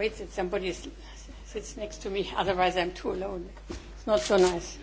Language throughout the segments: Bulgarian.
wait that somebody sits next to me, otherwise I'm too alone. It's not so nice.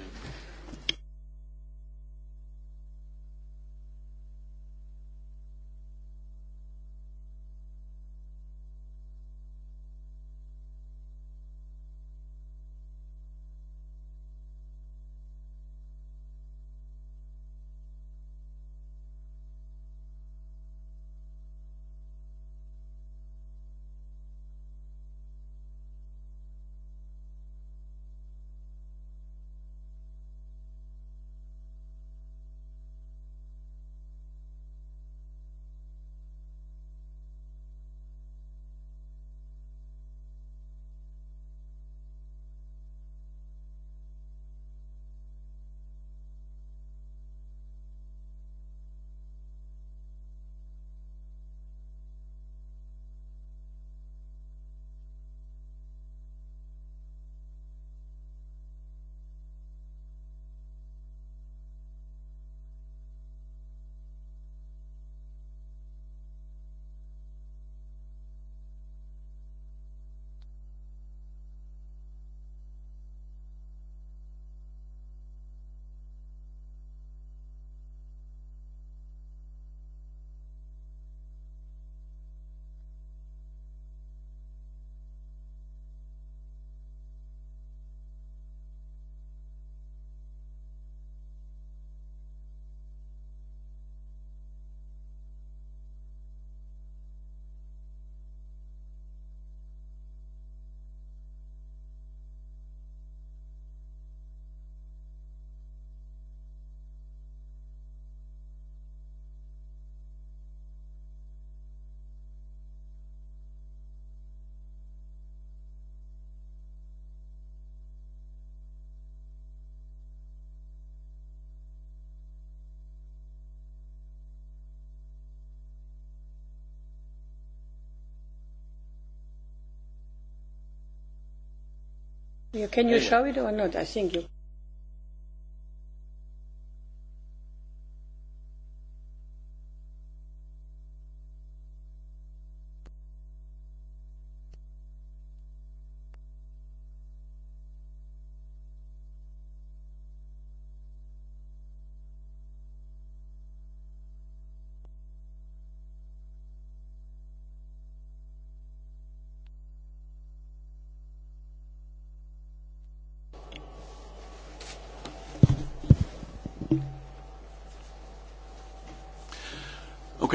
Can you show it or not? I think you.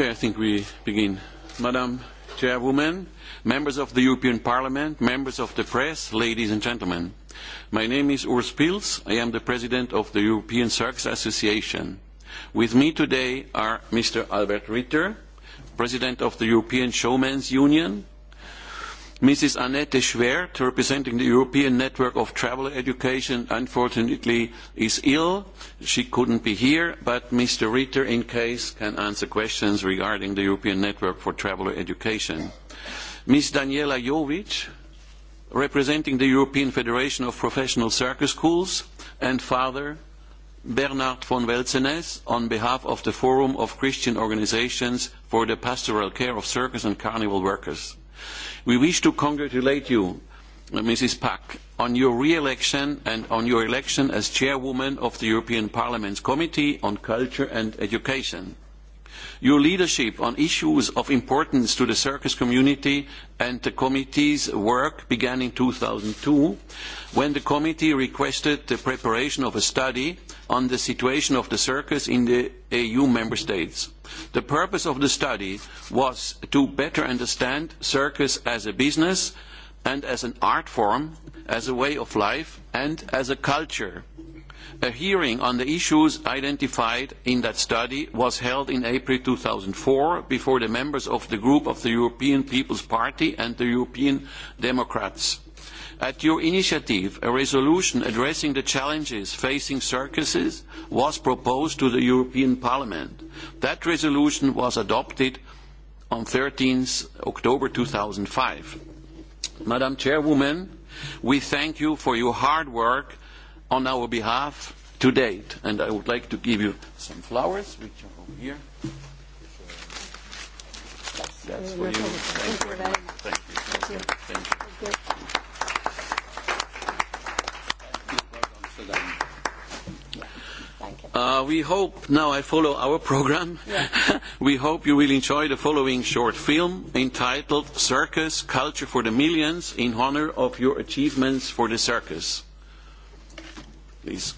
Okay, I think we begin. Madam Chairwoman, members of the European Parliament, members of the press, ladies and gentlemen. My name is Urs Pils. I am the president of the European Circus Association. With me today are Mr. Albert Ritter, president of the European Showmen's Union, Mrs. Annette Schwert, representing the European Network of Travel Education, unfortunately is ill. She couldn't be here, but Mr. Ritter, in case, can answer questions regarding the European Network for Traveller Education. Ms. Daniela Jovic, representing the European Federation of Professional Circus Schools, and Father Bernard von Welzenes, on behalf of the Forum of Christian Organisations for the Pastoral Care of Circus and Carnival Workers. We wish to congratulate you, Mrs. Pack, on your re-election and on your election as chairwoman of the European Parliament's Committee on Culture and Education. Your leadership on issues of importance to the circus community and the committee's work began in two thousand two, when the committee requested the preparation of a study on the situation of the circus in the EU member states. The purpose of the study was to better understand circus as a business and as an art form, as a way of life and as a culture a hearing on the issues identified in that study was held in April two thousand four before the members of the group of the European People's Party and the European Democrats. At your initiative, a resolution addressing the challenges facing circuses was proposed to the European Parliament. That resolution was adopted on 13 October two thousand five. Madam Chairwoman, we thank you for your hard work on our behalf to date. And I would like to give you some flowers, which are over here. That's for you. Thank you Thank you. Thank you. Thank you. Thank you. Uh, we hope now I follow our program. Yeah. we hope you will enjoy the following short film entitled Circus Culture for the Millions in honor of your achievements for the circus. Please.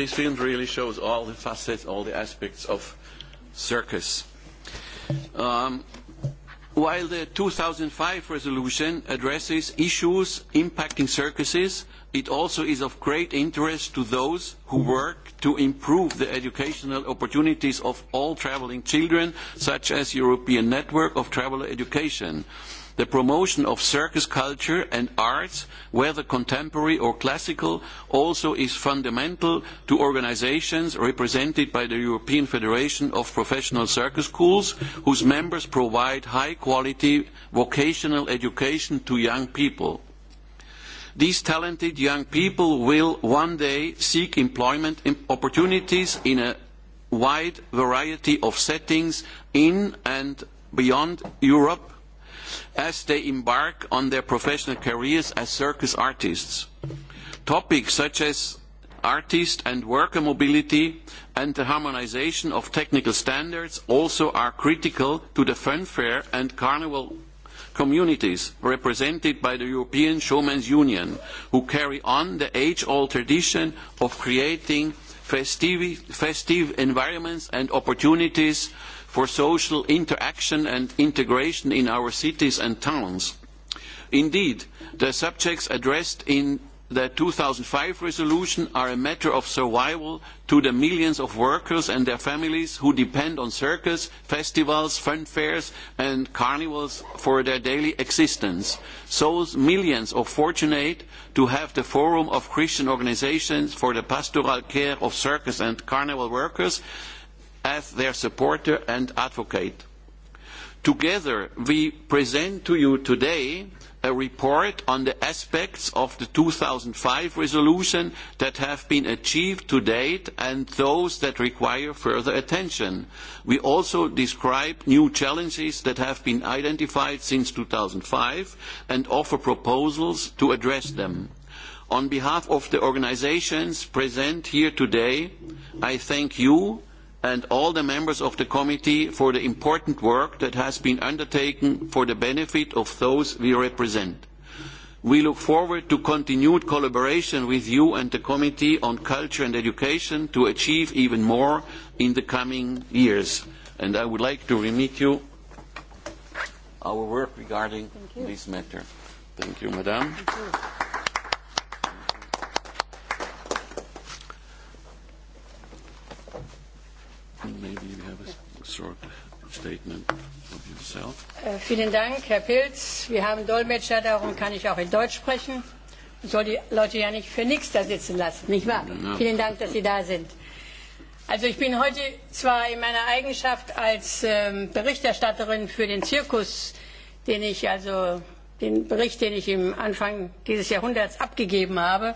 this film really shows all the facets, all the aspects of circus. Um, while the 2005 resolution addresses issues impacting circuses, it also is of great interest to those who work to improve the educational opportunities of all travelling children, such as European Network of Traveller Education the promotion of circus culture and arts, whether contemporary or classical, also is fundamental to organisations represented by the European Federation of Professional Circus Schools, whose members provide high-quality vocational education to young people. These talented young people will one day seek employment opportunities in a wide variety of settings in and beyond Europe as they embark on their professional careers as circus artists. Topics such as artist and worker mobility and the harmonisation of technical standards also are critical to the funfair and carnival communities represented by the European Showmen's Union, who carry on the age-old tradition of creating festive, environments and opportunities for social interaction and integration in our cities and towns. Indeed, the subjects addressed in the two thousand five resolution are a matter of survival to the millions of workers and their families who depend on circus, festivals, fun fairs and carnivals for their daily existence. So millions are fortunate to have the Forum of Christian Organisations for the Pastoral Care of Circus and Carnival Workers as their supporter and advocate. Together, we present to you today a report on the aspects of the two thousand five resolution that have been achieved to date and those that require further attention. We also describe new challenges that have been identified since two thousand five and offer proposals to address them. On behalf of the organisations present here today, I thank you and all the members of the committee for the important work that has been undertaken for the benefit of those we represent. We look forward to continued collaboration with you and the Committee on Culture and Education to achieve even more in the coming years. And I would like to remit you our work regarding this matter. Thank you, Madame. Maybe you have a short statement of yourself. Vielen Dank, Herr Pilz. Wir haben Dolmetscher, darum kann ich auch in Deutsch sprechen. Ich soll die Leute ja nicht für nichts da sitzen lassen, nicht wahr? Vielen Dank, dass Sie da sind. Also ich bin heute zwar in meiner Eigenschaft als Berichterstatterin für den Zirkus, den ich also den Bericht, den ich im Anfang dieses Jahrhunderts abgegeben habe,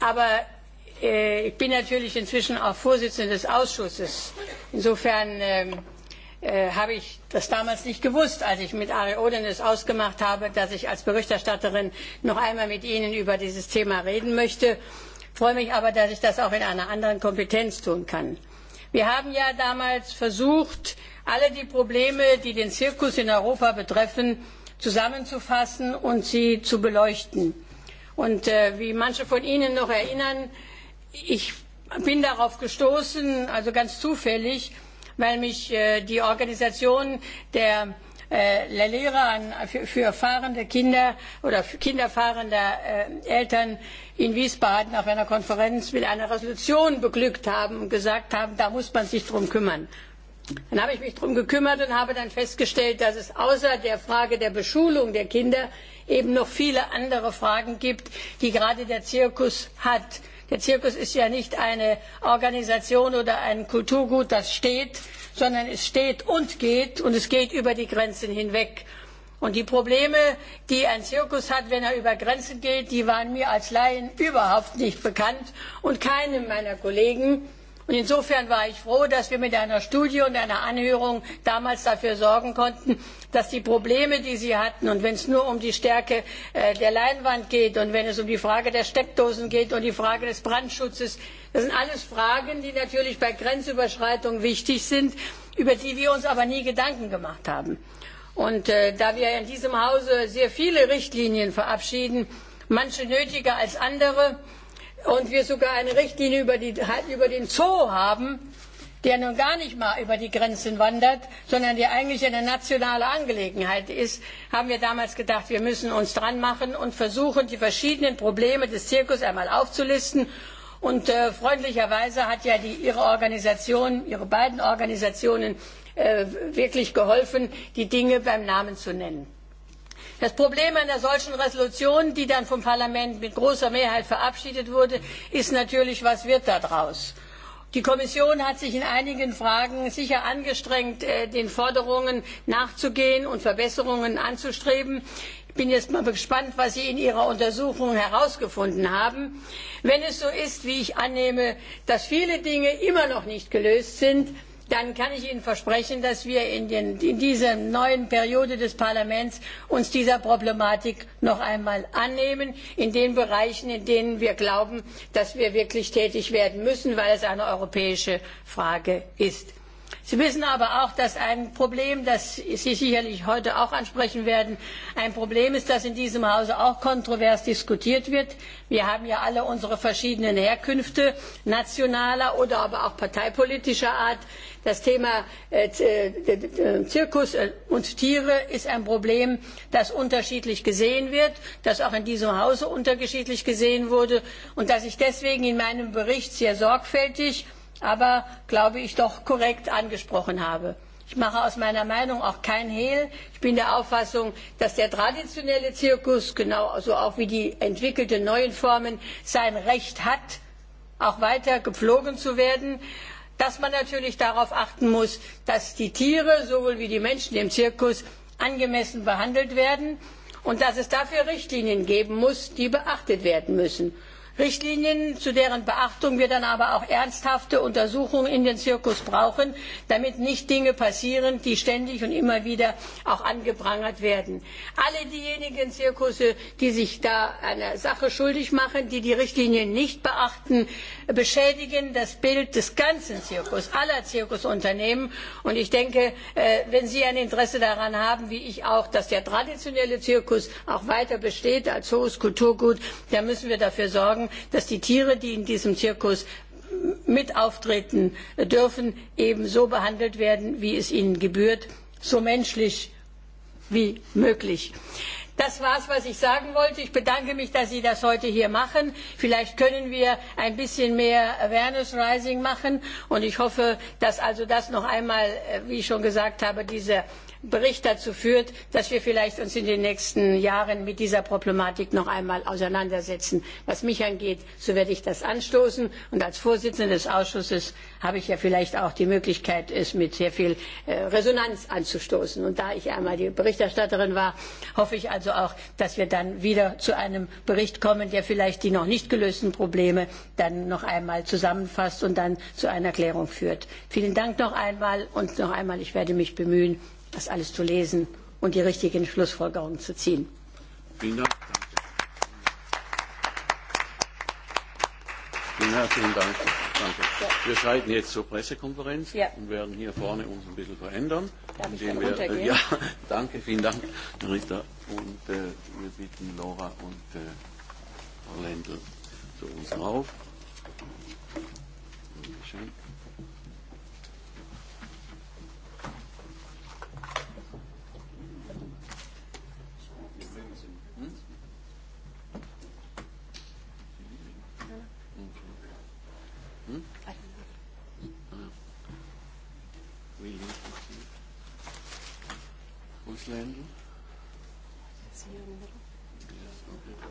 aber Ich bin natürlich inzwischen auch Vorsitzende des Ausschusses. Insofern habe ich das damals nicht gewusst, als ich mit Ari Oden es ausgemacht habe, dass ich als Berichterstatterin noch einmal mit Ihnen über dieses Thema reden möchte. Ich freue mich aber, dass ich das auch in einer anderen Kompetenz tun kann. Wir haben ja damals versucht, alle die Probleme, die den Zirkus in Europa betreffen, zusammenzufassen und sie zu beleuchten. Und wie manche von Ihnen noch erinnern, ich bin darauf gestoßen, also ganz zufällig, weil mich die Organisation der Lehrer für fahrende Kinder oder kinderfahrender Eltern in Wiesbaden auf einer Konferenz mit einer Resolution beglückt haben und gesagt haben, da muss man sich drum kümmern. Dann habe ich mich darum gekümmert und habe dann festgestellt, dass es außer der Frage der Beschulung der Kinder eben noch viele andere Fragen gibt, die gerade der Zirkus hat Der Zirkus ist ja nicht eine Organisation oder ein Kulturgut, das steht, sondern es steht und geht und es geht über die Grenzen hinweg. Und die Probleme, die ein Zirkus hat, wenn er über Grenzen geht, die waren mir als Laien überhaupt nicht bekannt und keinem meiner Kollegen. Und insofern war ich froh, dass wir mit einer Studie und einer Anhörung damals dafür sorgen konnten, dass die Probleme, die Sie hatten, und wenn es nur um die Stärke der Leinwand geht und wenn es um die Frage der Steckdosen geht und die Frage des Brandschutzes, das sind alles Fragen, die natürlich bei Grenzüberschreitung wichtig sind, über die wir uns aber nie Gedanken gemacht haben. Und da wir in diesem Hause sehr viele Richtlinien verabschieden, manche nötiger als andere, und wir sogar eine Richtlinie über, die, über den Zoo haben, der nun gar nicht mal über die Grenzen wandert, sondern der eigentlich eine nationale Angelegenheit ist, haben wir damals gedacht, wir müssen uns dran machen und versuchen, die verschiedenen Probleme des Zirkus einmal aufzulisten. Und freundlicherweise hat ja Ihre Organisation, Ihre beiden Organisationen wirklich geholfen, die Dinge beim Namen zu nennen das problem einer solchen entschließung die dann vom parlament mit großer mehrheit verabschiedet wurde ist natürlich was wird daraus? die kommission hat sich in einigen fragen sicher angestrengt den forderungen nachzugehen und verbesserungen anzustreben. ich bin jetzt mal gespannt was sie in ihrer untersuchung herausgefunden haben. wenn es so ist wie ich annehme dass viele dinge immer noch nicht gelöst sind dann kann ich Ihnen versprechen, dass wir uns in, dieser neuen Periode des Parlaments dieser Problematik noch einmal annehmen, in den Bereichen, in denen wir glauben, dass wir wirklich tätig werden müssen, weil es eine europäische Frage ist. Sie wissen aber auch, dass ein Problem, das Sie sicherlich heute auch ansprechen werden, ein Problem ist, das in diesem Hause auch kontrovers diskutiert wird. Wir haben ja alle unsere verschiedenen Herkünfte nationaler oder aber auch parteipolitischer Art. Das Thema Zirkus und Tiere ist ein Problem, das unterschiedlich gesehen wird, das auch in diesem Hause unterschiedlich gesehen wurde und das ich deswegen in meinem Bericht sehr sorgfältig aber, glaube ich, doch korrekt angesprochen habe. Ich mache aus meiner Meinung auch kein Hehl. Ich bin der Auffassung, dass der traditionelle Zirkus, genauso auch wie die entwickelten neuen Formen, sein Recht hat, auch weiter gepflogen zu werden dass man natürlich darauf achten muss, dass die Tiere sowohl wie die Menschen im Zirkus angemessen behandelt werden und dass es dafür Richtlinien geben muss, die beachtet werden müssen. Richtlinien, zu deren Beachtung wir dann aber auch ernsthafte Untersuchungen in den Zirkus brauchen, damit nicht Dinge passieren, die ständig und immer wieder auch angeprangert werden. Alle diejenigen Zirkusse, die sich da einer Sache schuldig machen, die die Richtlinien nicht beachten, beschädigen das Bild des ganzen Zirkus, aller Zirkusunternehmen. Und ich denke, wenn Sie ein Interesse daran haben, wie ich auch, dass der traditionelle Zirkus auch weiter besteht als hohes Kulturgut, dann müssen wir dafür sorgen, sorgen dass die tiere die in diesem zirkus mit auftreten dürfen eben so behandelt werden wie es ihnen gebührt so menschlich wie möglich. Das war es, was ich sagen wollte. Ich bedanke mich, dass Sie das heute hier machen. Vielleicht können wir ein bisschen mehr Awareness Rising machen. Und ich hoffe, dass also das noch einmal, wie ich schon gesagt habe, diese Bericht dazu führt, dass wir vielleicht uns in den nächsten Jahren mit dieser Problematik noch einmal auseinandersetzen. Was mich angeht, so werde ich das anstoßen. Und als Vorsitzende des Ausschusses habe ich ja vielleicht auch die Möglichkeit, es mit sehr viel Resonanz anzustoßen. Und da ich einmal die Berichterstatterin war, hoffe ich also auch, dass wir dann wieder zu einem Bericht kommen, der vielleicht die noch nicht gelösten Probleme dann noch einmal zusammenfasst und dann zu einer Klärung führt. Vielen Dank noch einmal und noch einmal, ich werde mich bemühen, das alles zu lesen und die richtigen Schlussfolgerungen zu ziehen. Vielen Dank. Vielen herzlichen Dank. Danke. Ja. Wir schreiten jetzt zur Pressekonferenz ja. und werden hier vorne uns ein bisschen verändern. Darf ich dann wir, äh, ja, danke, vielen Dank, Ritter. Und äh, wir bitten Laura und äh, Frau Lendl zu uns rauf. Dankeschön. Who's landing? It's here in the Yes, okay.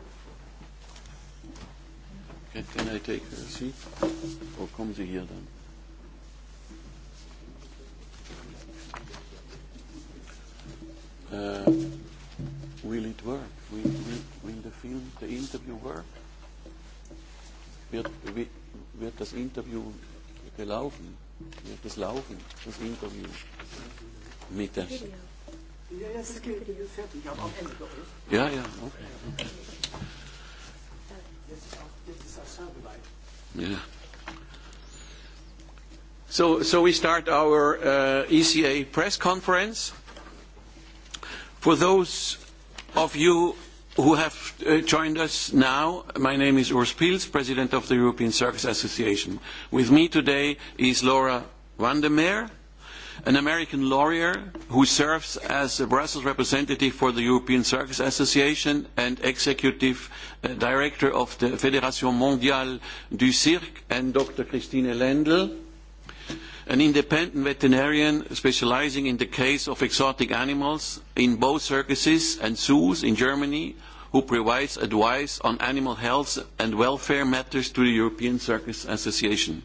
Can, can I take her seat? Or come to here then? Uh, will it work? Will, will, will the film, the interview work? Wird, wird, wird das Interview gelaufen? das Laufen, das Interview. Mittags. Ja, ja, das geht fertig, aber am Ende doch. Ja, ja, okay. Jetzt ist auch Ja. So, so we start our uh, ECA press conference. For those of you who have joined us now. My name is Urs Pils, President of the European Circus Association. With me today is Laura Vandermeer, an American lawyer who serves as a Brussels representative for the European Circus Association and executive director of the Fédération Mondiale du Cirque, and Dr. Christine Lendl, an independent veterinarian specializing in the case of exotic animals in both circuses and zoos in Germany who provides advice on animal health and welfare matters to the European Circus Association.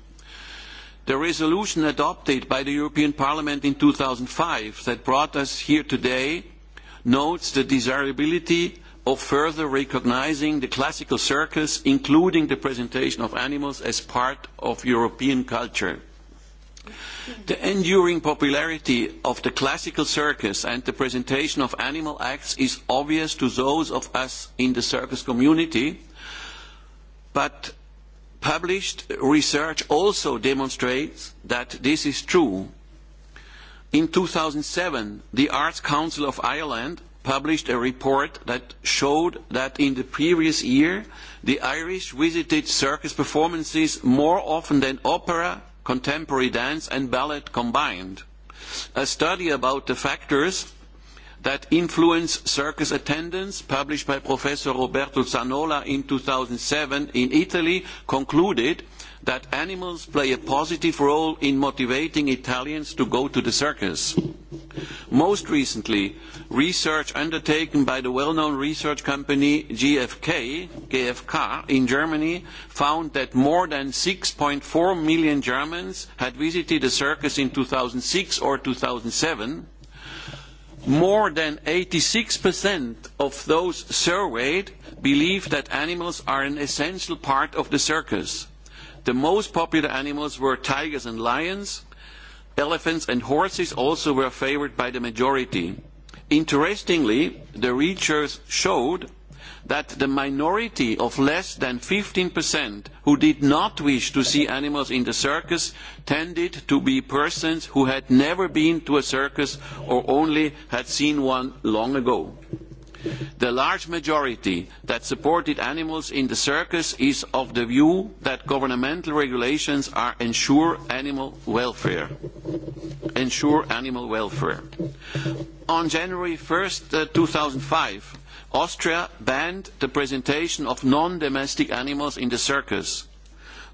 The resolution adopted by the European Parliament in two thousand five that brought us here today notes the desirability of further recognising the classical circus, including the presentation of animals, as part of European culture. The enduring popularity of the classical circus and the presentation of animal acts is obvious to those of us in the circus community, but published research also demonstrates that this is true. In two thousand seven, the Arts Council of Ireland published a report that showed that in the previous year, the Irish visited circus performances more often than opera, contemporary dance and ballet combined. A study about the factors that influence circus attendance, published by Professor Roberto Zanola in two thousand seven in Italy, concluded that animals play a positive role in motivating Italians to go to the circus. Most recently, research undertaken by the well-known research company GfK, GfK in Germany found that more than 6.4 million Germans had visited a circus in 2006 or 2007. More than 86% of those surveyed believe that animals are an essential part of the circus The most popular animals were tigers and lions. Elephants and horses also were favoured by the majority. Interestingly, the research showed that the minority of less than 15% who did not wish to see animals in the circus tended to be persons who had never been to a circus or only had seen one long ago. The large majority that supported animals in the circus is of the view that governmental regulations are ensure animal welfare. Ensure animal welfare. On January 1st, 2005, Austria banned the presentation of non-domestic animals in the circus.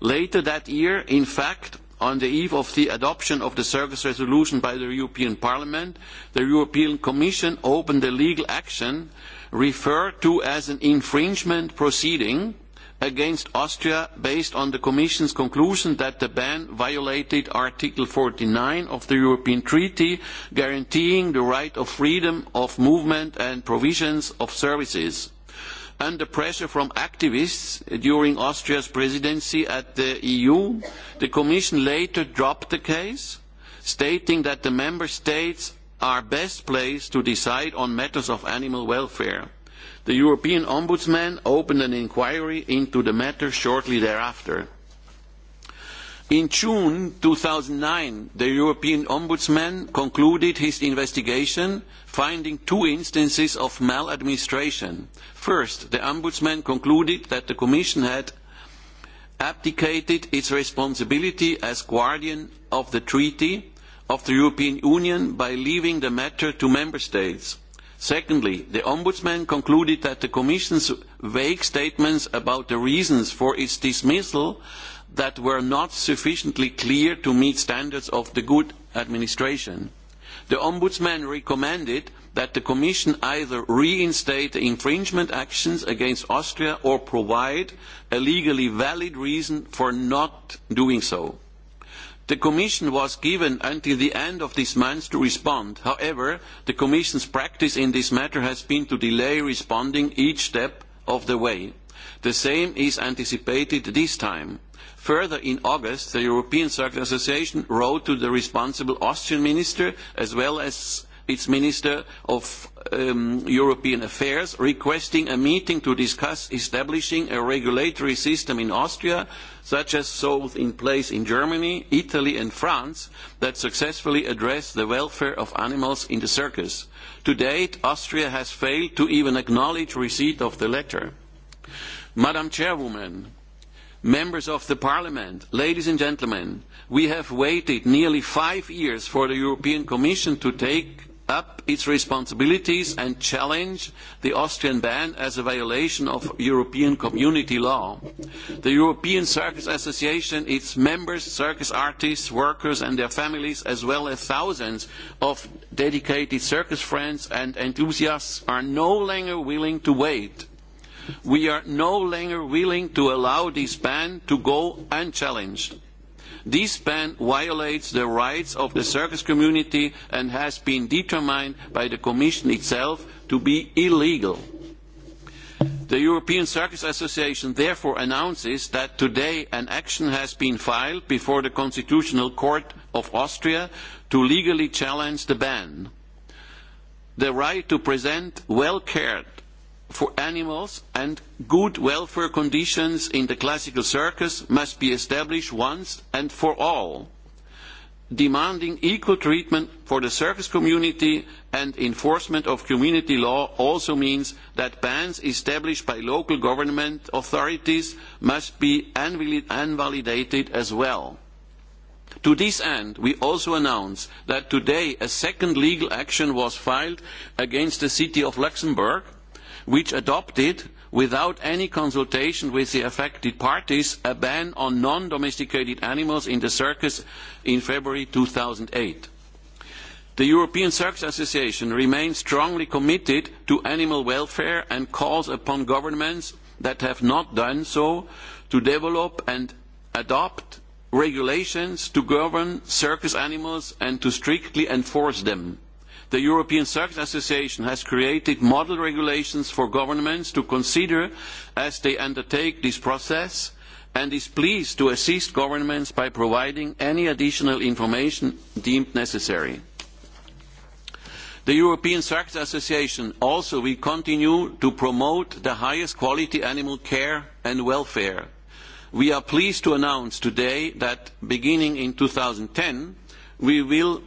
Later that year, in fact, on the eve of the adoption of the service resolution by the European Parliament, the European Commission opened a legal action referred to as an infringement proceeding against Austria based on the Commission's conclusion that the ban violated Article forty nine of the European Treaty guaranteeing the right of freedom of movement and provisions of services under pressure from activists during Austria's presidency at the EU, the Commission later dropped the case, stating that the member states are best placed to decide on matters of animal welfare. The European Ombudsman opened an inquiry into the matter shortly thereafter. In June two thousand nine, the European Ombudsman concluded his investigation, finding two instances of maladministration. First, the Ombudsman concluded that the Commission had abdicated its responsibility as guardian of the Treaty of the European Union by leaving the matter to Member States. Secondly, the Ombudsman concluded that the Commission's vague statements about the reasons for its dismissal that were not sufficiently clear to meet standards of the good administration. The Ombudsman recommended that the Commission either reinstate the infringement actions against Austria or provide a legally valid reason for not doing so. The Commission was given until the end of this month to respond. However, the Commission's practice in this matter has been to delay responding each step of the way. The same is anticipated this time. Further, in August, the European Circuit Association wrote to the responsible Austrian minister as well as its Minister of European Affairs requesting a meeting to discuss establishing a regulatory system in Austria, such as those in place in Germany, Italy and France, that successfully address the welfare of animals in the circus. To date, Austria has failed to even acknowledge receipt of the letter. Madam Chairwoman, Members of the Parliament, ladies and gentlemen, we have waited nearly five years for the European Commission to take up its responsibilities and challenge the Austrian ban as a violation of European community law. The European Circus Association, its members, circus artists, workers and their families, as well as thousands of dedicated circus friends and enthusiasts are no longer willing to wait We are no longer willing to allow this ban to go unchallenged. This ban violates the rights of the circus community and has been determined by the Commission itself to be illegal. The European Circus Association therefore announces that today an action has been filed before the Constitutional Court of Austria to legally challenge the ban. The right to present well-cared for animals and good welfare conditions in the classical circus must be established once and for all, demanding equal treatment for the circus community and enforcement of community law also means that bans established by local government authorities must be invalidated as well. To this end, we also announce that today a second legal action was filed against the city of Luxembourg which adopted without any consultation with the affected parties a ban on non-domesticated animals in the circus in February two thousand eight. The European Circus Association remains strongly committed to animal welfare and calls upon governments that have not done so to develop and adopt regulations to govern circus animals and to strictly enforce them the European Circuit Association has created model regulations for governments to consider as they undertake this process and is pleased to assist governments by providing any additional information deemed necessary. The European Circuit Association also will continue to promote the highest quality animal care and welfare. We are pleased to announce today that beginning in ten we will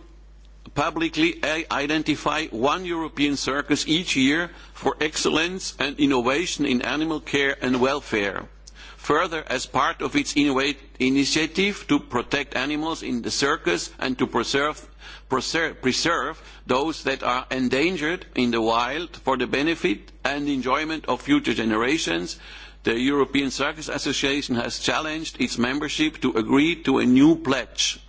publicly identify one European circus each year for excellence and innovation in animal care and welfare. Further, as part of its initiative to protect animals in the circus and to preserve, those that are endangered in the wild for the benefit and enjoyment of future generations, the European Circus Association has challenged its membership to agree to a new pledge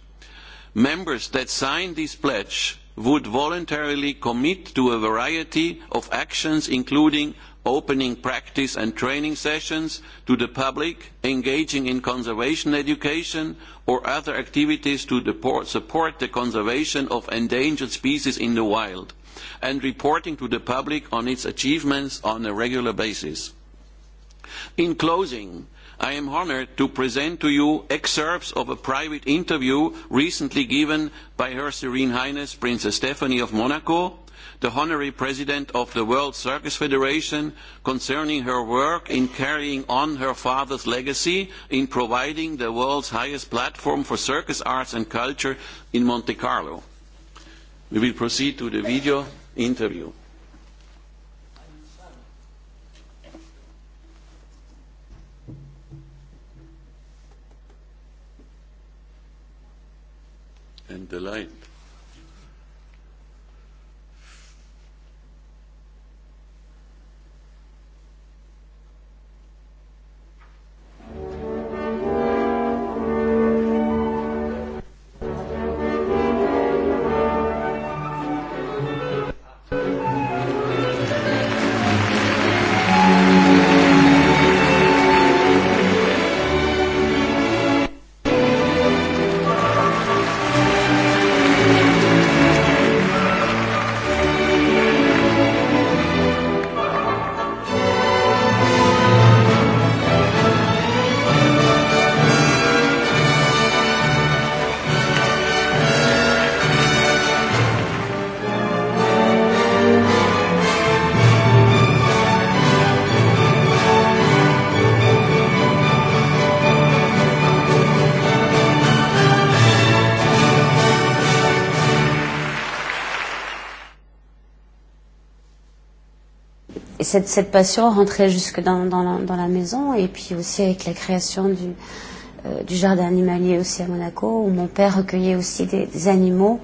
members that sign this pledge would voluntarily commit to a variety of actions including opening practice and training sessions to the public, engaging in conservation education or other activities to support the conservation of endangered species in the wild and reporting to the public on its achievements on a regular basis. In closing, I am honoured to present to you excerpts of a private interview recently given by Her Serene Highness Princess Stephanie of Monaco, the Honorary President of the World Circus Federation, concerning her work in carrying on her father's legacy in providing the world's highest platform for circus arts and culture in Monte Carlo. We will proceed to the video interview. and delight. Thank you. cette, cette passion rentrait jusque dans, dans, la, dans la maison et puis aussi avec la création du, euh, du jardin animalier aussi à Monaco où mon père recueillait aussi des, des animaux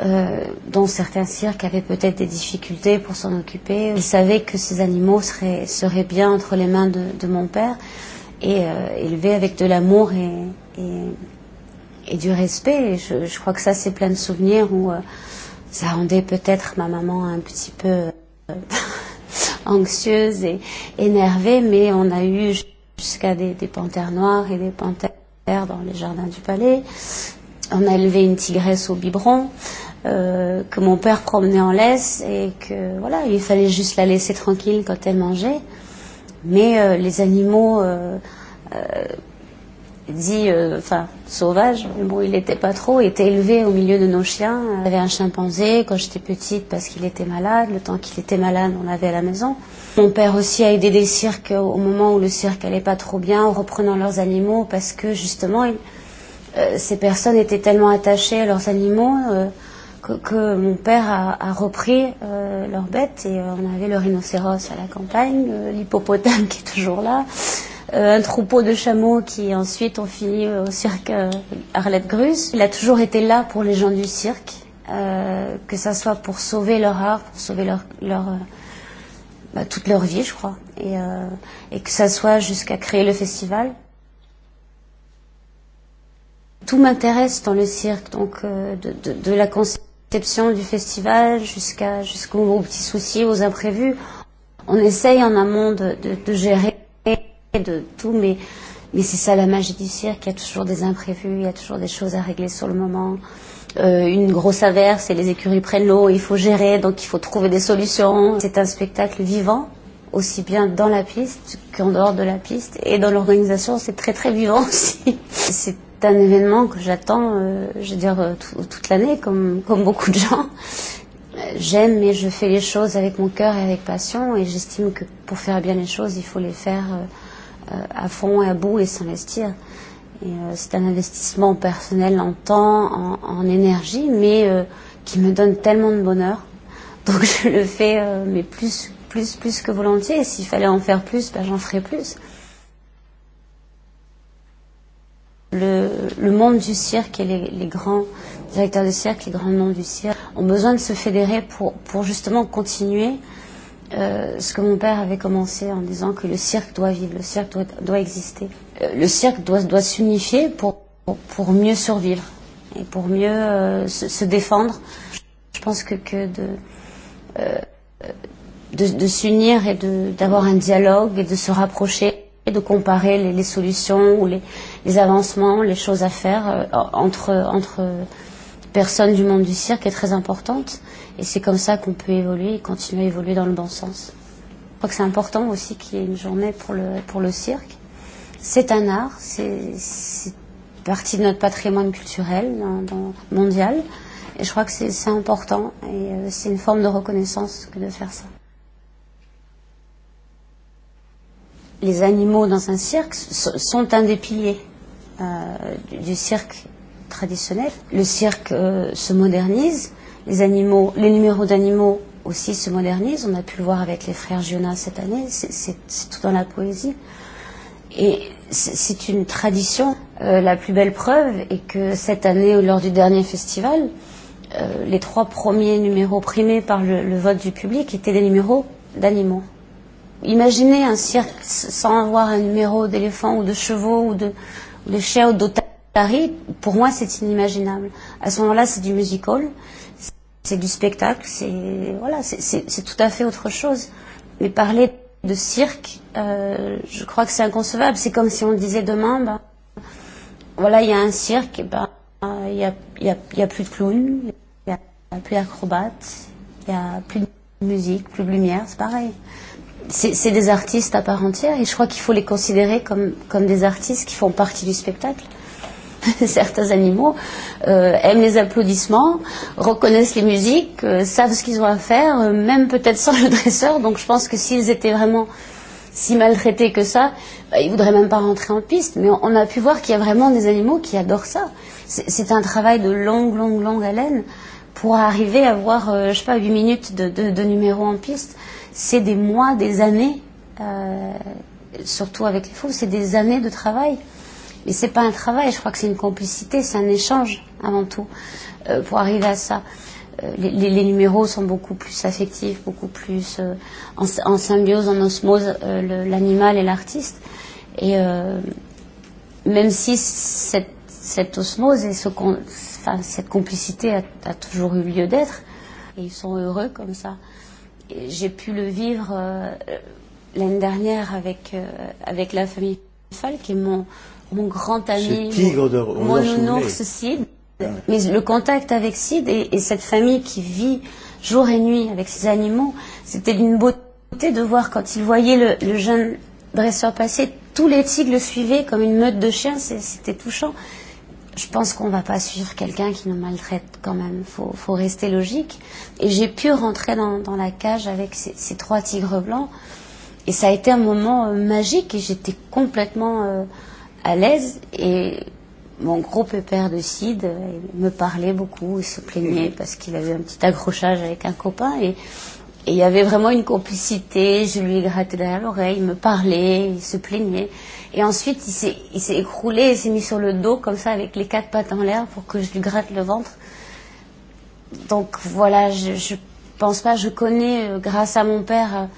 euh, dont certains cirques avaient peut-être des difficultés pour s'en occuper. Il savait que ces animaux seraient, seraient bien entre les mains de, de mon père et euh, élevés avec de l'amour et, et, et du respect. Et je, je crois que ça, c'est plein de souvenirs où euh, ça rendait peut-être ma maman un petit peu... Euh, anxieuse et énervée, mais on a eu jusqu'à des, des panthères noires et des panthères dans les jardins du palais. On a élevé une tigresse au biberon euh, que mon père promenait en laisse et que voilà, il fallait juste la laisser tranquille quand elle mangeait. Mais euh, les animaux euh, euh, dit, euh, enfin, sauvage, mais bon, il n'était pas trop, il était élevé au milieu de nos chiens. il avait un chimpanzé quand j'étais petite parce qu'il était malade, le temps qu'il était malade, on l'avait à la maison. Mon père aussi a aidé des cirques au moment où le cirque allait pas trop bien, en reprenant leurs animaux parce que justement, il, euh, ces personnes étaient tellement attachées à leurs animaux euh, que, que mon père a, a repris euh, leurs bêtes et euh, on avait le rhinocéros à la campagne, euh, l'hippopotame qui est toujours là. Euh, euh, un troupeau de chameaux qui ensuite ont fini au cirque euh, Arlette Grus. Il a toujours été là pour les gens du cirque, euh, que ce soit pour sauver leur art, pour sauver leur, leur euh, bah, toute leur vie, je crois, et, euh, et que ce soit jusqu'à créer le festival. Tout m'intéresse dans le cirque, donc euh, de, de, de la conception du festival jusqu'à jusqu'aux petits soucis, aux imprévus. On essaye en amont de, de, de gérer de tout, mais, mais c'est ça la magie du cirque, il y a toujours des imprévus, il y a toujours des choses à régler sur le moment. Euh, une grosse averse et les écuries prennent l'eau, il faut gérer, donc il faut trouver des solutions. C'est un spectacle vivant, aussi bien dans la piste qu'en dehors de la piste. Et dans l'organisation, c'est très très vivant aussi. c'est un événement que j'attends, euh, je veux dire, tout, toute l'année, comme, comme beaucoup de gens. J'aime et je fais les choses avec mon cœur et avec passion, et j'estime que pour faire bien les choses, il faut les faire. Euh, à fond et à bout et s'investir. euh, c'est un investissement personnel en temps, en, en énergie, mais euh, qui me donne tellement de bonheur. Donc je le fais, euh, mais plus, plus, plus que volontiers. Et s'il fallait en faire plus, ben, j'en ferais plus. Le, le monde du cirque et les, les grands directeurs de cirque, les grands noms du cirque, ont besoin de se fédérer pour, pour justement continuer euh, ce que mon père avait commencé en disant que le cirque doit vivre, le cirque doit, doit exister. Euh, le cirque doit, doit s'unifier pour, pour mieux survivre et pour mieux euh, se, se défendre. Je pense que, que de, euh, de, de s'unir et d'avoir un dialogue et de se rapprocher et de comparer les, les solutions ou les, les avancements, les choses à faire euh, entre, entre personne du monde du cirque est très importante. Et c'est comme ça qu'on peut évoluer et continuer à évoluer dans le bon sens. Je crois que c'est important aussi qu'il y ait une journée pour le, pour le cirque. C'est un art, c'est partie de notre patrimoine culturel dans, dans, mondial. Et je crois que c'est important et c'est une forme de reconnaissance que de faire ça. Les animaux dans un cirque sont un des piliers euh, du, du cirque traditionnelle. Le cirque euh, se modernise, les, animaux, les numéros d'animaux aussi se modernisent. On a pu le voir avec les frères Giona cette année, c'est tout dans la poésie. Et c'est une tradition. Euh, la plus belle preuve est que cette année, lors du dernier festival, euh, les trois premiers numéros primés par le, le vote du public étaient des numéros d'animaux. Imaginez un cirque sans avoir un numéro d'éléphant ou de chevaux ou de, ou de chiens ou d'otages. Paris, pour moi, c'est inimaginable. À ce moment-là, c'est du musical, c'est du spectacle, c'est voilà, c'est tout à fait autre chose. Mais parler de cirque, euh, je crois que c'est inconcevable. C'est comme si on disait demain, ben, voilà, il y a un cirque, il ben, n'y a, y a, y a plus de clowns, il n'y a, a plus d'acrobates, il n'y a plus de musique, plus de lumière, c'est pareil. C'est des artistes à part entière et je crois qu'il faut les considérer comme, comme des artistes qui font partie du spectacle certains animaux euh, aiment les applaudissements, reconnaissent les musiques, euh, savent ce qu'ils ont à faire, euh, même peut-être sans le dresseur. Donc je pense que s'ils étaient vraiment si maltraités que ça, bah, ils voudraient même pas rentrer en piste. Mais on, on a pu voir qu'il y a vraiment des animaux qui adorent ça. C'est un travail de longue, longue, longue haleine pour arriver à avoir, euh, je sais pas, 8 minutes de, de, de numéro en piste. C'est des mois, des années, euh, surtout avec les fous, c'est des années de travail. Mais ce n'est pas un travail, je crois que c'est une complicité, c'est un échange avant tout euh, pour arriver à ça. Euh, les, les, les numéros sont beaucoup plus affectifs, beaucoup plus euh, en, en symbiose, en osmose, euh, l'animal et l'artiste. Et euh, même si cette, cette osmose et ce, enfin, cette complicité a, a toujours eu lieu d'être, et ils sont heureux comme ça. J'ai pu le vivre euh, l'année dernière avec, euh, avec la famille Fall, qui est mon, mon grand ami, Ce tigre de mon nounours Sid. Mais le contact avec Sid et, et cette famille qui vit jour et nuit avec ces animaux, c'était d'une beauté de voir quand il voyait le, le jeune dresseur passer, tous les tigres le suivaient comme une meute de chiens, c'était touchant. Je pense qu'on ne va pas suivre quelqu'un qui nous maltraite quand même, il faut, faut rester logique. Et j'ai pu rentrer dans, dans la cage avec ces, ces trois tigres blancs, et ça a été un moment euh, magique, et j'étais complètement... Euh, à l'aise et mon gros pépère de Cid me parlait beaucoup, il se plaignait parce qu'il avait un petit accrochage avec un copain et, et il y avait vraiment une complicité, je lui grattais derrière l'oreille, il me parlait, il se plaignait. Et ensuite, il s'est écroulé, il s'est mis sur le dos comme ça avec les quatre pattes en l'air pour que je lui gratte le ventre. Donc voilà, je, je pense pas, je connais grâce à mon père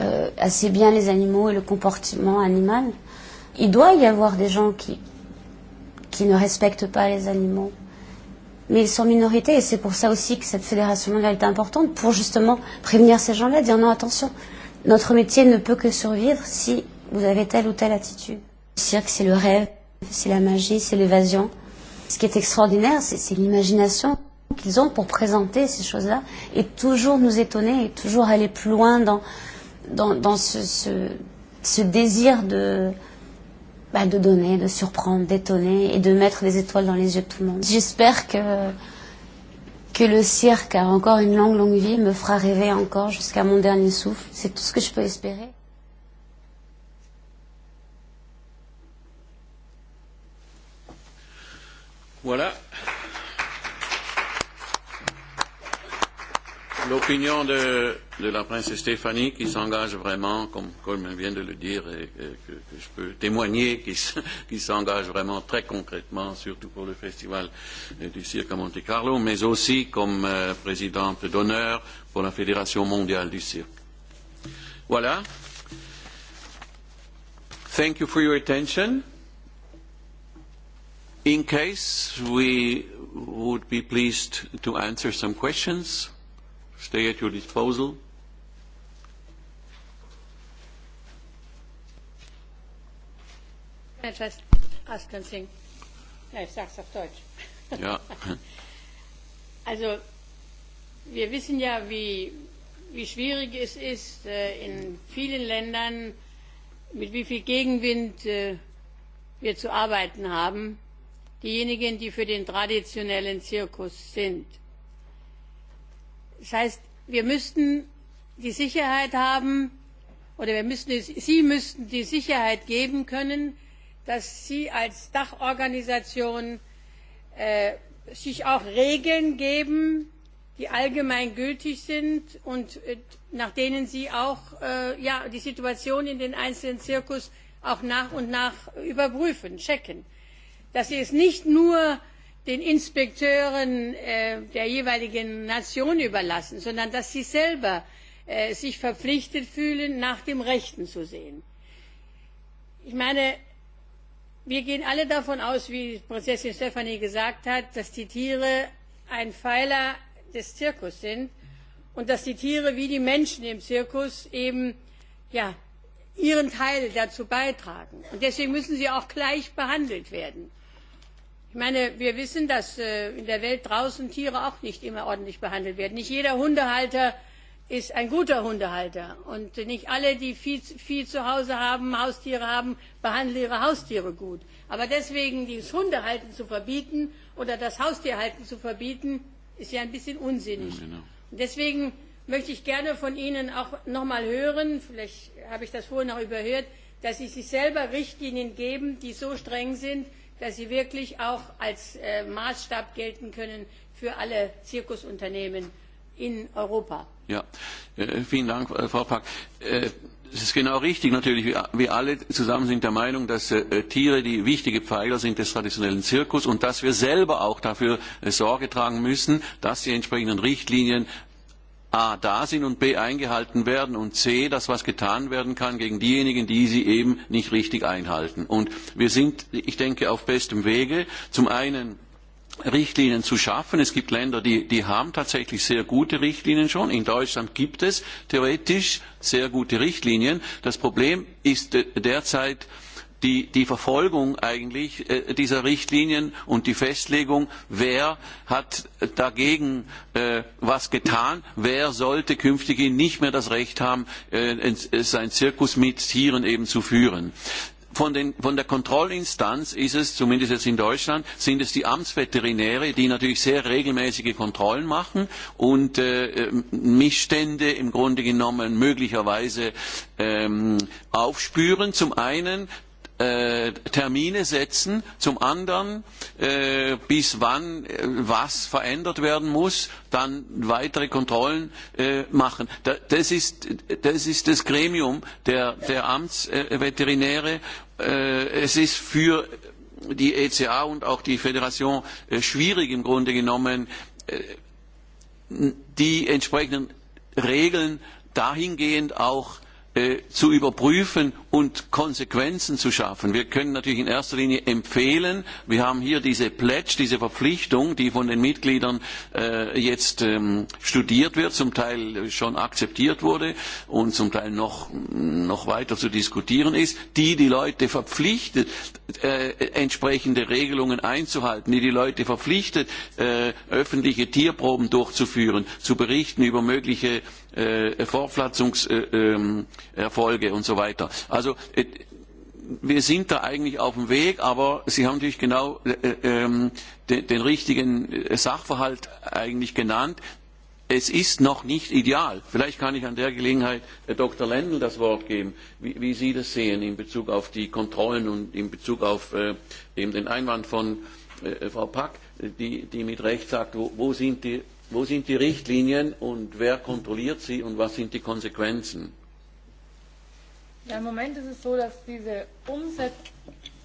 euh, assez bien les animaux et le comportement animal. Il doit y avoir des gens qui, qui ne respectent pas les animaux. Mais ils sont minorités et c'est pour ça aussi que cette fédération mondiale est importante pour justement prévenir ces gens-là, dire non, attention, notre métier ne peut que survivre si vous avez telle ou telle attitude. Le cirque, c'est le rêve, c'est la magie, c'est l'évasion. Ce qui est extraordinaire, c'est l'imagination qu'ils ont pour présenter ces choses-là et toujours nous étonner et toujours aller plus loin dans, dans, dans ce, ce, ce désir de, bah, de donner, de surprendre, d'étonner et de mettre des étoiles dans les yeux de tout le monde. J'espère que, que le cirque a encore une longue, longue vie me fera rêver encore jusqu'à mon dernier souffle. C'est tout ce que je peux espérer. Voilà. l'opinion de, de la princesse Stéphanie qui s'engage vraiment, comme, comme elle vient de le dire, et, que, que je peux témoigner, qui, qui s'engage vraiment très concrètement, surtout pour le festival du cirque à Monte Carlo, mais aussi comme euh, présidente d'honneur pour la Fédération mondiale du cirque. Voilà. Thank you for your attention. In case we would be pleased to answer some questions stay at your disposal. Can I just ask one thing? Nein, ich sag's auf Deutsch. Ja. Also, wir wissen ja, wie, wie schwierig es ist, in vielen Ländern, mit wie viel Gegenwind wir zu arbeiten haben. Diejenigen, die für den traditionellen Zirkus sind. Das heißt, wir müssten die Sicherheit haben, oder wir Sie müssten die Sicherheit geben können, dass Sie als Dachorganisation sich auch Regeln geben, die allgemein gültig sind und nach denen Sie auch die Situation in den einzelnen Zirkus auch nach und nach überprüfen, checken. Dass Sie es nicht nur den Inspekteuren der jeweiligen Nation überlassen, sondern dass sie selber sich verpflichtet fühlen, nach dem Rechten zu sehen. Ich meine, wir gehen alle davon aus, wie Prinzessin Stephanie gesagt hat, dass die Tiere ein Pfeiler des Zirkus sind und dass die Tiere wie die Menschen im Zirkus eben ja, ihren Teil dazu beitragen. Und deswegen müssen sie auch gleich behandelt werden. Ich meine, wir wissen, dass in der Welt draußen Tiere auch nicht immer ordentlich behandelt werden. Nicht jeder Hundehalter ist ein guter Hundehalter. Und nicht alle, die viel, zu Hause haben, Haustiere haben, behandeln ihre Haustiere gut. Aber deswegen das Hundehalten zu verbieten oder das Haustierhalten zu verbieten, ist ja ein bisschen unsinnig. deswegen möchte ich gerne von Ihnen auch noch mal hören, vielleicht habe ich das vorhin noch überhört, dass Sie sich selber Richtlinien geben, die so streng sind, dass sie wirklich auch als Maßstab gelten können für alle Zirkusunternehmen in Europa. Ja, vielen Dank, Frau Pack. Es ist genau richtig, natürlich. Wir alle zusammen sind der Meinung, dass Tiere die wichtige Pfeiler sind des traditionellen Zirkus und dass wir selber auch dafür Sorge tragen müssen, dass die entsprechenden Richtlinien A da sind und B eingehalten werden und C, dass was getan werden kann gegen diejenigen, die sie eben nicht richtig einhalten. Und wir sind, ich denke, auf bestem Wege. Zum einen Richtlinien zu schaffen. Es gibt Länder, die, haben tatsächlich sehr gute Richtlinien schon. In Deutschland gibt es theoretisch sehr gute Richtlinien. Das Problem ist derzeit, äh, die, Verfolgung eigentlich dieser Richtlinien und die Festlegung, wer hat dagegen etwas getan, wer sollte künftig nicht mehr das Recht haben, seinen Zirkus mit Tieren eben zu führen von, der Kontrollinstanz ist es, zumindest jetzt in Deutschland, sind es die Amtsveterinäre, die natürlich sehr regelmäßige Kontrollen machen und Missstände im Grunde genommen möglicherweise aufspüren. Zum einen Termine setzen, zum anderen, bis wann was verändert werden muss, dann weitere Kontrollen machen. Das ist, das Gremium der, Amtsveterinäre. es ist für die ECA und auch die Föderation schwierig im Grunde genommen, die entsprechenden Regeln dahingehend auch zu überprüfen und Konsequenzen zu schaffen. Wir können natürlich in erster Linie empfehlen, wir haben hier diese Pledge, diese Verpflichtung, die von den Mitgliedern jetzt studiert wird, zum Teil schon akzeptiert wurde und zum Teil noch, weiter zu diskutieren ist, die die Leute verpflichtet, entsprechende Regelungen einzuhalten, die die Leute verpflichtet, öffentliche Tierproben durchzuführen, zu berichten über mögliche Vorpflanzungserfolge und so weiter. Also wir sind da eigentlich auf dem Weg, aber Sie haben natürlich genau den richtigen Sachverhalt eigentlich genannt. Es ist noch nicht ideal. Vielleicht kann ich an der Gelegenheit Dr. Lendl das Wort geben, wie, Sie das sehen in Bezug auf die Kontrollen und in Bezug auf den Einwand von Frau Pack, die, mit Recht sagt, wo, sind die Wo sind die Richtlinien und wer kontrolliert sie und was sind die Konsequenzen? Ja, Im Moment ist es so, dass diese Umset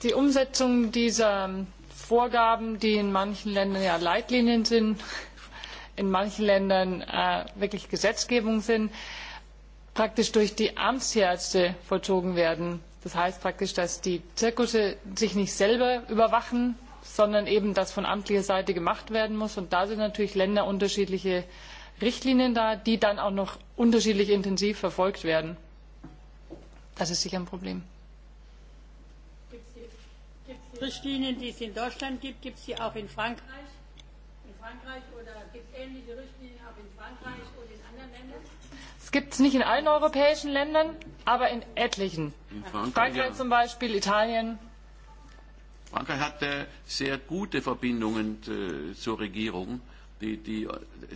die Umsetzung dieser Vorgaben, die in manchen Ländern ja Leitlinien sind, in manchen Ländern äh, wirklich Gesetzgebung sind, praktisch durch die Amtsärzte vollzogen werden. Das heißt praktisch, dass die Zirkusse sich nicht selber überwachen, sondern eben das von amtlicher Seite gemacht werden muss. Und da sind natürlich Länder unterschiedliche Richtlinien da, die dann auch noch unterschiedlich intensiv verfolgt werden. Das ist sicher ein Problem. Gibt es die Richtlinien, die es in Deutschland gibt, gibt es die auch in Frankreich? In Frankreich oder gibt es ähnliche Richtlinien auch in Frankreich oder in anderen Ländern? Es gibt es nicht in allen europäischen Ländern, aber in etlichen. Frankreich zum Beispiel, Italien, Frankreich hat sehr gute Verbindungen zur Regierung. Die, die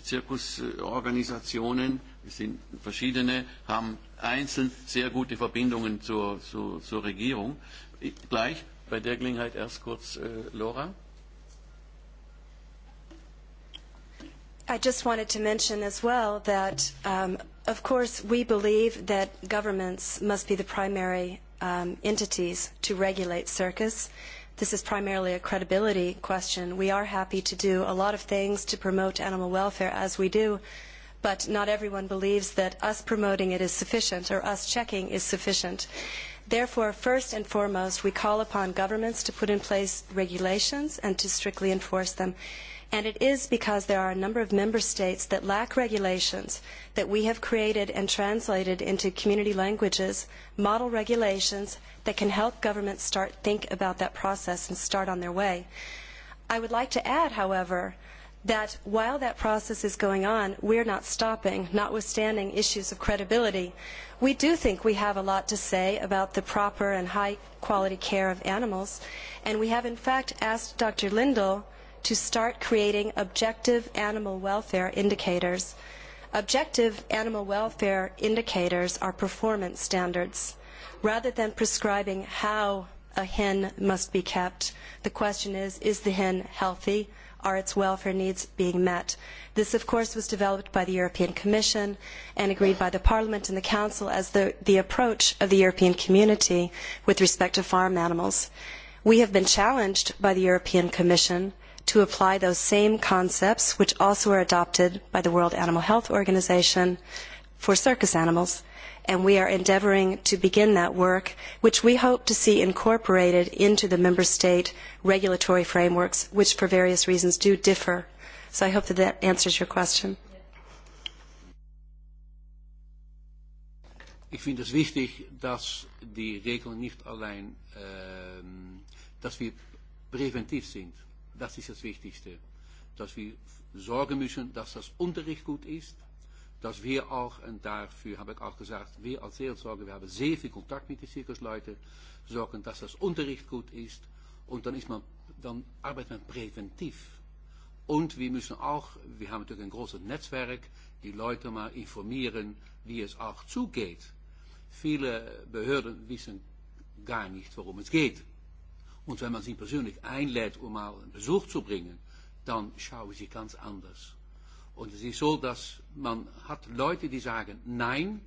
Zirkusorganisationen, es sind verschiedene, haben einzeln sehr gute Verbindungen zur, zur, zur Regierung. Gleich bei der Gelegenheit erst kurz äh, Laura. I just wanted to mention as well that, um, of course, we believe that governments must be the primary um, entities to regulate circus. This is primarily a credibility question. We are happy to do a lot of things to promote animal welfare as we do, but not everyone believes that us promoting it is sufficient or us checking is sufficient. Therefore, first and foremost, we call upon governments to put in place regulations and to strictly enforce them. And it is because there are a number of member states that lack regulations that we have created and translated into community languages, model regulations that can help governments start think about that process and start on their way. I would like to add, however, that while that process is going on, we're not stopping, notwithstanding issues of credibility. We do think we have a lot to say about the proper and high quality care of animals, and we have in fact asked Dr. Lindell to start creating objective animal welfare indicators. Objective animal welfare indicators are performance standards. Rather than prescribing how a hen must be kept, the question is, is the hen healthy? Are its welfare needs being met? This, of course, was developed by the European Commission and agreed by the Parliament and the Council as the, the approach of the European community with respect to farm animals. We have been challenged by the European Commission to apply those same concepts, which also are adopted by the World Animal Health Organization for circus animals. And we are endeavoring to begin that work, which we hope to see incorporated into the member state regulatory frameworks, which for various reasons do differ. So I hope that that answers your question. Ik vind het wichtig dat die Regeln niet alleen, dass wir präventiv sind. Das ist das Wichtigste. Dass wir sorgen müssen, dass das Unterricht gut ist. Dass wir auch, und dafür habe ich auch gesagt, wir als Seelsorger, wir haben sehr viel Kontakt mit den Zirkusleuten, sorgen, dass das Unterricht gut ist. Und dann, ist man, dann arbeitet man präventiv. Und wir müssen auch, wir haben natürlich ein großes Netzwerk, die Leute mal informieren, wie es auch zugeht. Viele Behörden wissen gar nicht, worum es geht und wenn man sie persönlich einlädt, um mal einen Besuch zu bringen, dann schauen sie ganz anders. Und es ist so, dass man hat Leute, die sagen, nein,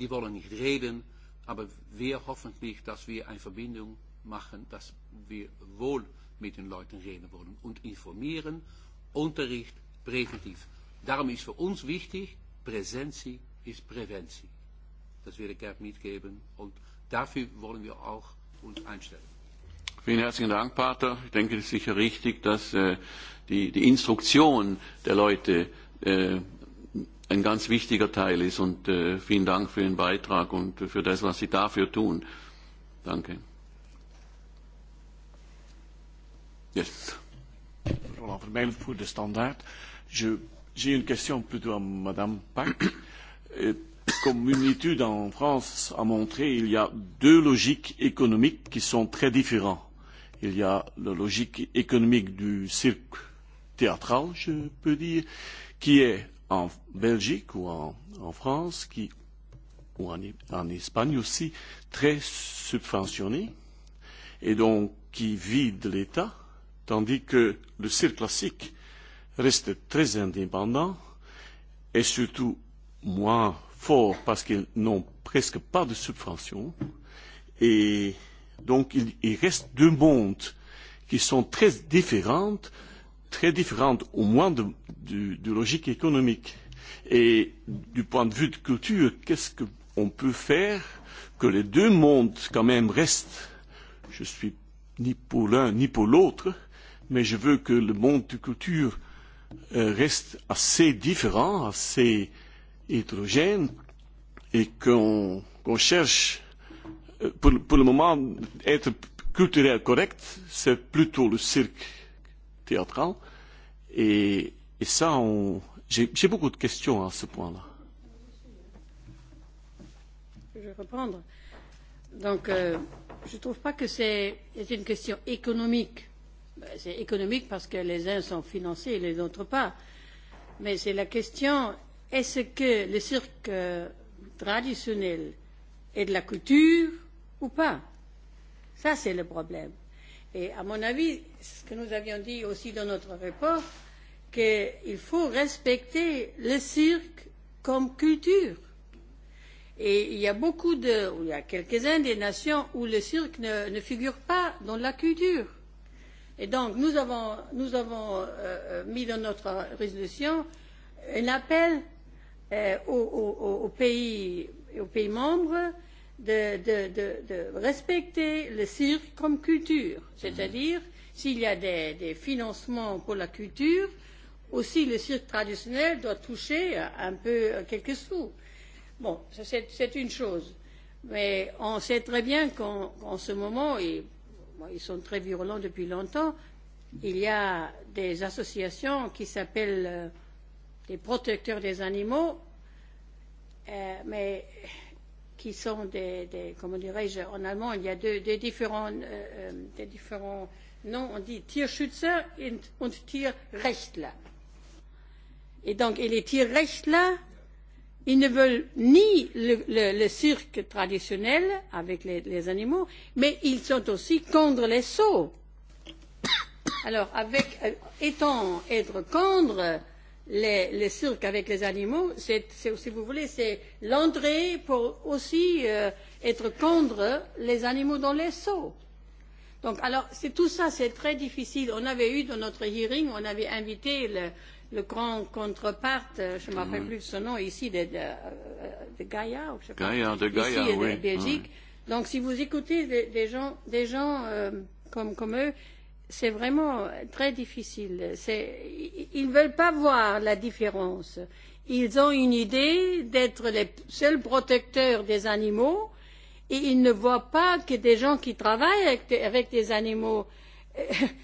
die wollen nicht reden, aber wir hoffen nicht, dass wir eine Verbindung machen, dass wir wohl mit den Leuten reden wollen und informieren, Unterricht, präventiv. Darum ist für uns wichtig, Präsenzie ist Präventie. Das will ich gerne mitgeben und dafür wollen wir auch uns einstellen. Vielen herzlichen Dank, Pater. Ich denke, es ist sicher richtig, dass die, die Instruktion der Leute ein ganz wichtiger Teil ist. Und vielen Dank für den Beitrag und für das, was Sie dafür tun. Danke. Yes. J'ai une question plutôt à Madame Pack. Comme une étude en France a montré, il y a deux logiques économiques qui sont très différentes il y a la logique économique du cirque théâtral, je peux dire, qui est en Belgique ou en, en France, qui, ou en, en Espagne aussi, très subventionné et donc qui vide l'État, tandis que le cirque classique reste très indépendant et surtout moins fort parce qu'ils n'ont presque pas de subventions et Donc il, il reste deux mondes qui sont très différentes, très différentes au moins de, de, de logique économique. Et du point de vue de culture, qu'est-ce qu'on peut faire que les deux mondes quand même restent Je ne suis ni pour l'un ni pour l'autre, mais je veux que le monde de culture reste assez différent, assez hétérogène, et qu'on cherche pour, pour le moment, être culturel correct, c'est plutôt le cirque théâtral. Et, et ça, on... j'ai beaucoup de questions à ce point-là. Je vais reprendre. Donc, euh, je ne trouve pas que c'est une question économique. C'est économique parce que les uns sont financés et les autres pas. Mais c'est la question, est-ce que le cirque traditionnel est de la culture ou pas. Ça, c'est le problème. Et à mon avis, ce que nous avions dit aussi dans notre rapport, qu'il faut respecter le cirque comme culture. Et il y a beaucoup de, il y a quelques-uns des nations où le cirque ne, ne figure pas dans la culture. Et donc, nous avons, nous avons euh, mis dans notre résolution un appel euh, aux, aux, aux, pays, aux pays membres de, de, de, de respecter le cirque comme culture, c'est-à-dire s'il y a des, des financements pour la culture, aussi le cirque traditionnel doit toucher un peu quelques sous. Bon, c'est une chose. Mais on sait très bien qu'en qu ce moment, et bon, ils sont très virulents depuis longtemps, il y a des associations qui s'appellent euh, les protecteurs des animaux, euh, mais qui sont des, des comment dirais-je, en allemand, il y a deux, des, différents, euh, des différents noms, on dit Tierschützer und, Tierrechtler. Et donc, et les Tierrechtler, ils ne veulent ni le, le, le cirque traditionnel avec les, les animaux, mais ils sont aussi contre les sauts. Alors, avec, étant être contre, les, les cirques avec les animaux, c'est, si vous voulez, c'est l'entrée pour aussi euh, être contre les animaux dans les seaux. Donc, alors, c'est, tout ça, c'est très difficile. On avait eu dans notre hearing, on avait invité le, le grand contrepart, je ne me rappelle plus son nom, ici, de, de, de Gaïa, ou je Gaïa, pas, de Gaïa, ici, oui. de Belgique. Oui. Donc, si vous écoutez des, des gens, des gens euh, comme, comme eux, c'est vraiment très difficile. Ils ne veulent pas voir la différence. Ils ont une idée d'être les seuls protecteurs des animaux et ils ne voient pas que des gens qui travaillent avec, avec des animaux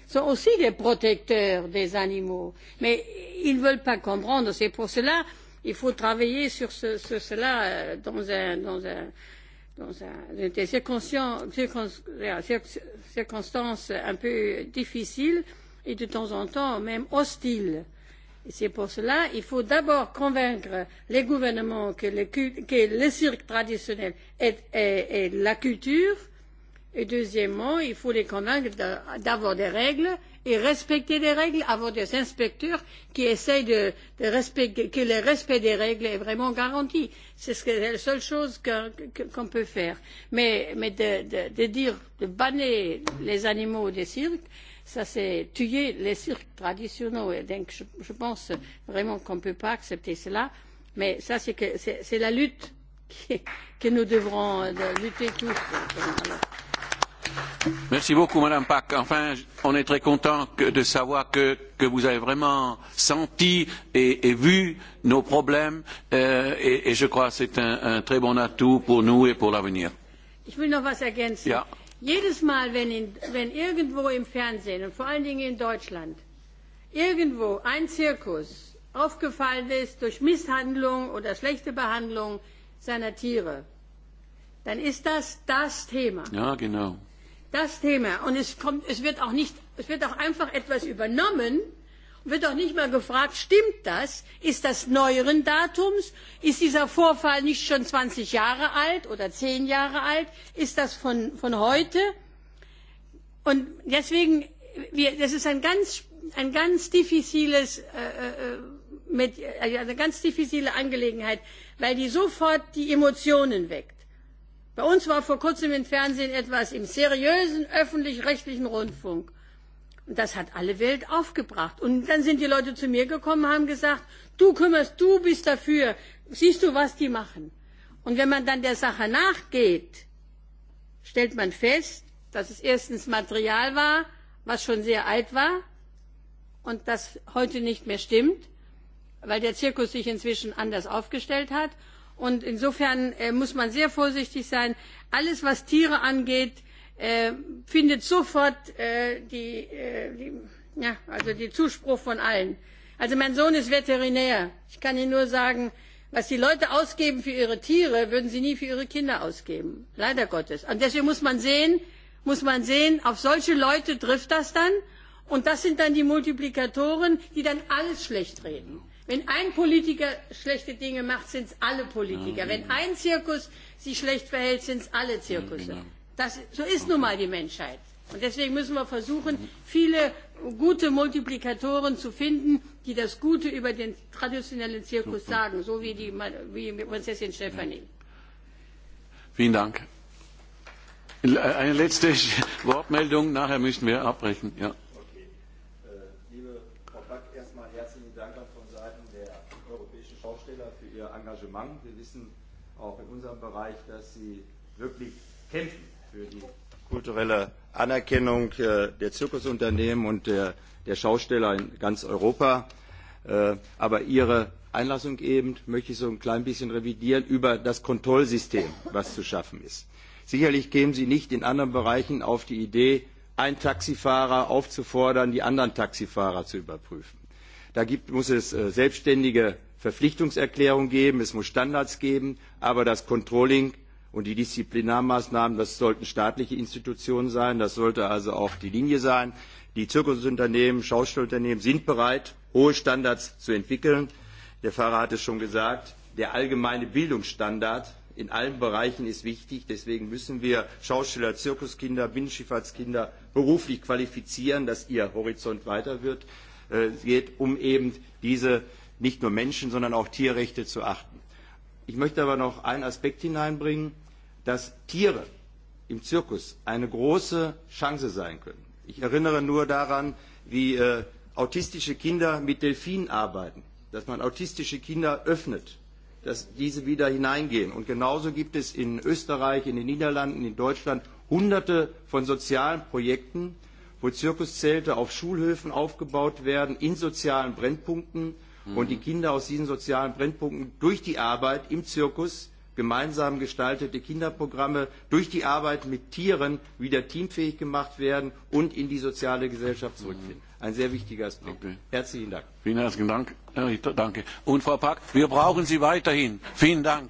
sont aussi des protecteurs des animaux. Mais ils ne veulent pas comprendre. C'est pour cela qu'il faut travailler sur, ce, sur cela dans un, dans un, dans un, des circonstances un peu difficiles et de temps en temps même hostiles. Et c'est pour cela qu'il faut d'abord convaincre les gouvernements que le, que le cirque traditionnel est, est, est la culture. Et deuxièmement, il faut les convaincre d'avoir des règles et respecter les règles, avoir des inspecteurs qui essayent de, de respecter, que le respect des règles est vraiment garanti. C'est ce la seule chose qu'on peut faire. Mais, mais de, de, de dire, de banner les animaux des cirques, ça c'est tuer les cirques traditionnels. Et donc je, je pense vraiment qu'on ne peut pas accepter cela. Mais ça c'est, la lutte que nous devrons lutter tous. Merci beaucoup, Madame Pack. Enfin, on est très content de savoir que, vous avez vraiment senti et, vu nos problèmes et, je crois que c'est un, très bon atout pour nous et pour l'avenir. Ich will noch was ergänzen. Jedes Mal, wenn, irgendwo im Fernsehen und vor allen Dingen in Deutschland irgendwo ein Zirkus aufgefallen ist durch Misshandlung oder schlechte Behandlung seiner Tiere, dann ist das das Thema. Ja, genau das Thema. Und es, kommt, es, wird auch nicht, es wird auch einfach etwas übernommen, wird auch nicht mal gefragt, stimmt das? Ist das neueren Datums? Ist dieser Vorfall nicht schon zwanzig Jahre alt oder zehn Jahre alt? Ist das von, von heute? Und deswegen, wir, das ist ein ganz, ein ganz diffiziles, eine ganz diffizile Angelegenheit, weil die sofort die Emotionen weckt Bei uns war vor kurzem im Fernsehen etwas im seriösen öffentlich-rechtlichen Rundfunk. Und das hat alle Welt aufgebracht. Und dann sind die Leute zu mir gekommen und haben gesagt, du kümmerst, du bist dafür. Siehst du, was die machen? Und wenn man dann der Sache nachgeht, stellt man fest, dass es erstens Material war, was schon sehr alt war und das heute nicht mehr stimmt, weil der Zirkus sich inzwischen anders aufgestellt hat Und insofern muss man sehr vorsichtig sein. Alles, was Tiere angeht, findet sofort den Zuspruch von allen. Also mein Sohn ist Veterinär. Ich kann Ihnen nur sagen, was die Leute ausgeben für ihre Tiere, würden sie nie für ihre Kinder ausgeben. Leider Gottes. Und deswegen muss man sehen, muss man sehen, auf solche Leute trifft das dann. Und das sind dann die Multiplikatoren, die dann alles schlecht reden. Wenn ein Politiker schlechte Dinge macht, sind es alle Politiker. Wenn ein Zirkus sich schlecht verhält, sind es alle Zirkusse. Das, so ist nun mal die Menschheit. Und deswegen müssen wir versuchen, viele gute Multiplikatoren zu finden, die das Gute über den traditionellen Zirkus sagen, so wie die wie Prinzessin Stefanie. Vielen Dank. Eine letzte Wortmeldung, nachher müssen wir abbrechen. Ja. auch in unserem Bereich, dass sie wirklich kämpfen für die kulturelle Anerkennung der Zirkusunternehmen und der, Schausteller in ganz Europa. aber ihre Einlassung eben möchte ich so ein klein bisschen revidieren über das Kontrollsystem, was zu schaffen ist. Sicherlich kämen Sie nicht in anderen Bereichen auf die Idee, einen Taxifahrer aufzufordern, die anderen Taxifahrer zu überprüfen. Da muss es selbstständige Verpflichtungserklärung geben, es muss Standards geben, aber das Controlling und die Disziplinarmaßnahmen, das sollten staatliche Institutionen sein, das sollte also auch die Linie sein. Die Zirkusunternehmen, Schauspielunternehmen sind bereit, hohe Standards zu entwickeln. Der Fahrer hat es schon gesagt, der allgemeine Bildungsstandard in allen Bereichen ist wichtig. Deswegen müssen wir Schauspieler, Zirkuskinder, Binnenschifffahrtskinder beruflich qualifizieren, dass ihr Horizont weiter wird, geht, um eben diese nicht nur Menschen, sondern auch Tierrechte zu achten. Ich möchte aber noch einen Aspekt hineinbringen, dass Tiere im Zirkus eine große Chance sein können. Ich erinnere nur daran, wie autistische Kinder mit Delfinen arbeiten, dass man autistische Kinder öffnet, dass diese wieder hineingehen. Und genauso gibt es in Österreich, in den Niederlanden, in Deutschland hunderte von sozialen Projekten, wo Zirkuszelte auf Schulhöfen aufgebaut werden, in sozialen Brennpunkten, und die Kinder aus diesen sozialen Brennpunkten durch die Arbeit im Zirkus gemeinsam gestaltete Kinderprogramme durch die Arbeit mit Tieren wieder teamfähig gemacht werden und in die soziale Gesellschaft zurückfinden. Ein sehr wichtiger Aspekt. Herzlichen Dank. Vielen herzlichen Dank. Und Frau Pack, wir brauchen Sie weiterhin. Vielen Dank.